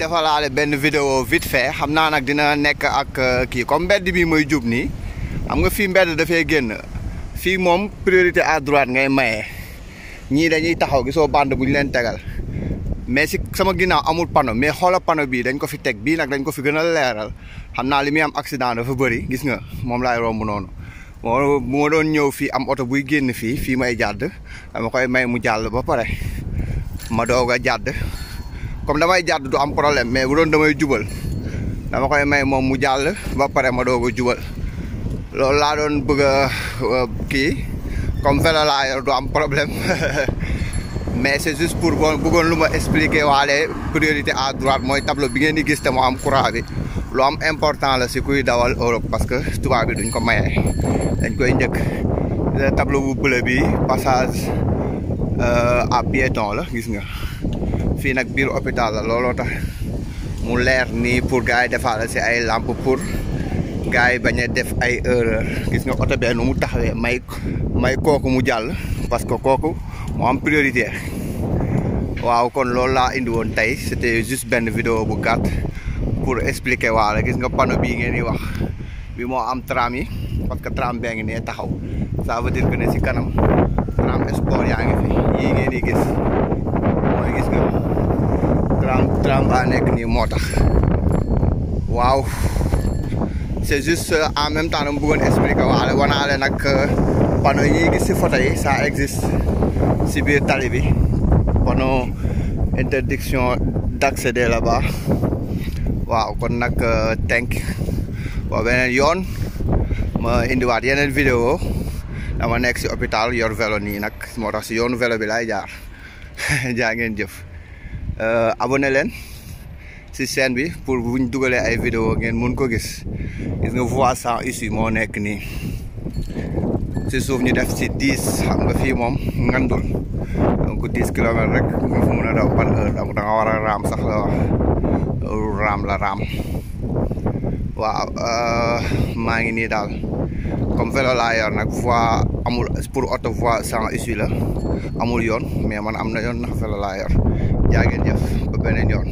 defalaale benn video vite fait xam naa nag dina nekk ak euh, kii comme mbedd bi mooy jub nii xam nga fii mbedd dafay génn fii moom priorité à droite ngay maye ñii dañuy taxaw gisoo bande bu ñu leen tegal mais si sama ginnaaw amul pano mais xoola pano bii dañ ko fi teg bii nag dañ ko fi gën a leeral xam naa li muy am accident dafa bëri gis nga moom lay romb noonu moo bu ma doon ñëw fii am oto buy génn fii fii may jàdd dama koy may mu jàll ba pare ma doog a jàdd comme damay jàdd du am problème mais bu doon damay jubal dama koy may moom mu jàll ba pare ma doo a jubal loolu laa doon bëgg euh, kii comme vélo laa yor du am problème mais c'est juste pour bëggoon lu ma expliquer waale priorité à mooy tableau bi ngeen di gis te mu am courant bi lu am important la si kuy dawal Europe parce que tubaab bi duñ ko maye koy njëkk tableau bu bleu bi passage euh, à piéton la gis nga fii nag biir hôpital la looloo tax mu leer nii pour gars yi defaale si ay lampe pour gars yi bañ a def ay erreur gis nga oto bee mu taxawee may may kooku mu jàll parce que kooku mu am priorité waaw kon loolu laa indi woon tey c'était juste benn vidéo bu gàtt pour expliquer waalo gis nga panneau bii ngeen di wax bi moo am tram yi parce que tram bee ngi nee taxaw ça veut dire ne si kanam tram sport yaa ngi fi nii moo tax waaw c'est juste euh, en même temps dama bëggoon expliquer waale wanaale nag euh, panneau yi ñuy gis si photo yi ça existe si biir tali bi panneau interdiction d'accéder là-bas waaw kon nag euh, tenk ba yoon ma indiwaat yeneen vidéo dama nekk si hôpital yor vélo nii nag moo tax si yoonu vélo bi lay jaar jaa ngeen jëf abonné si chaîne bi pour bu ñu dugalee ay vidéo ngeen mun ko gis gis nga voie sans issue moo nekk nii si suuf ñu def si dix xam nga fii moom ngandul donc dix kilomètres rek nga war a raam sax la wax raam la raam waaw euh, maa ngi nii daal comme vélo laa yor nag voie amul pour auto voie sans issue la amul yoon mais man am na yoon ndax vélo laa yor jaa jëf ba beneen yoon